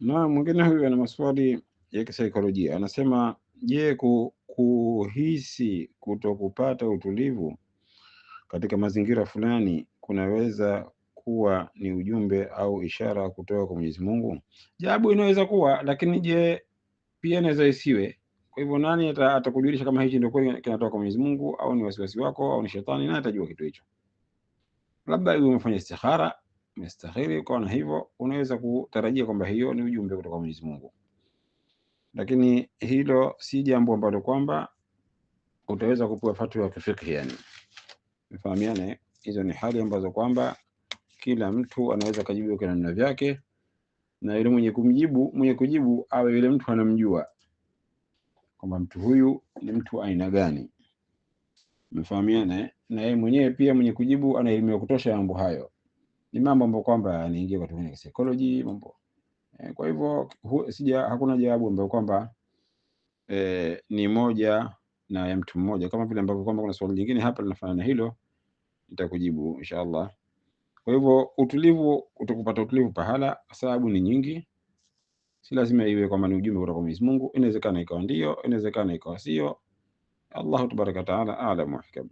Na mwingine huyu ana maswali ya kisaikolojia, anasema je, kuhisi kutokupata utulivu katika mazingira fulani kunaweza kuwa ni ujumbe au ishara kutoka kwa Mwenyezi Mungu? Jawabu, inaweza kuwa, lakini je, pia inaweza isiwe. Kwa hivyo nani atakujulisha kama hichi ndio kweli kinatoka kwa Mwenyezi Mungu au ni wasiwasi wako au ni shetani? Nani atajua kitu hicho? Labda iwe umefanya istikhara inastahili. Kwa na hivyo unaweza kutarajia kwamba hiyo ni ujumbe kutoka Mwenyezi Mungu, lakini hilo si jambo ambalo kwamba utaweza kupewa fatwa ya kifikhi. Yani mfahamiane, hizo ni hali ambazo kwamba kila mtu anaweza kujibu kwa namna yake, na yule mwenye kumjibu mwenye kujibu awe yule mtu anamjua kwamba mtu huyu ni mtu aina gani, mfahamiane. Na yeye mwenyewe pia mwenye kujibu ana elimu ya kutosha mambo hayo ni mambo ambayo kwamba yanaingia kwa tumia psychology mambo eh, kwa hivyo sija hakuna jawabu ambayo kwamba eh, ni moja na ya mtu mmoja, kama vile ambavyo kwamba kuna swali lingine hapa linafanana na hilo, nitakujibu inshallah. Kwa hivyo utulivu, utakupata utulivu pahala, sababu ni nyingi, si lazima iwe kwamba ni ujumbe kutoka kwa Mwenyezi Mungu. Inawezekana ikawa ndio, inawezekana ikawa sio. Allahu tabaraka wataala alam hikam